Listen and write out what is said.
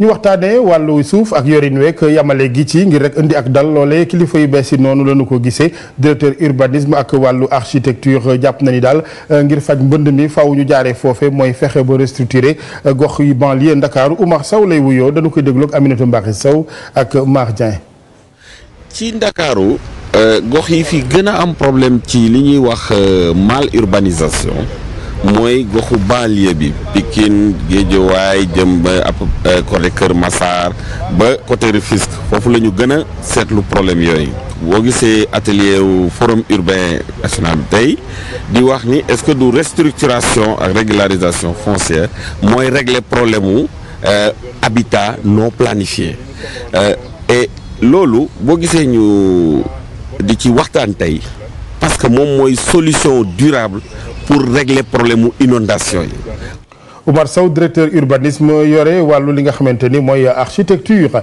ñu waxtaanee wàllu suuf ak yorin week yamale gi ci ngir rek indi ak dal loole kilifa yu bees yi noonu lanu ko gisee directeur urbanisme ak wàllu architecture jàpp na ni daal euh, ngir faj mbënd mi faw ñu jaare foofe mooy fexe ba restructurer euh, gox yi banlieue Ndakaaru Oumar saw lay wuyoo dañu koy déglu ak Aminata Mbacké saw ak Mar Dieng ci Ndakaaru euh, gox yi fi gën a am problème ci li ñuy wax mal urbanisation mooy goxu balier bi Pikine Guédiawaye jëm ba ab euh, côté Kër Massar ba côté Rufisque foofu la ñu gën a seetlu problème yooyu boo gisee atelier wu forum urbain national bi tey di wax ni est-ce que du restructuration ak régularisation foncière mooy régler problème wu euh, habitat non planifié euh, et loolu boo gisee ñu di ci waxtaan tey parce que moom mooy solution durable pour régler problème mu inondation yi Oumar Sow directeur urbanisme yore wàllu li nga xamante ni mooy architecture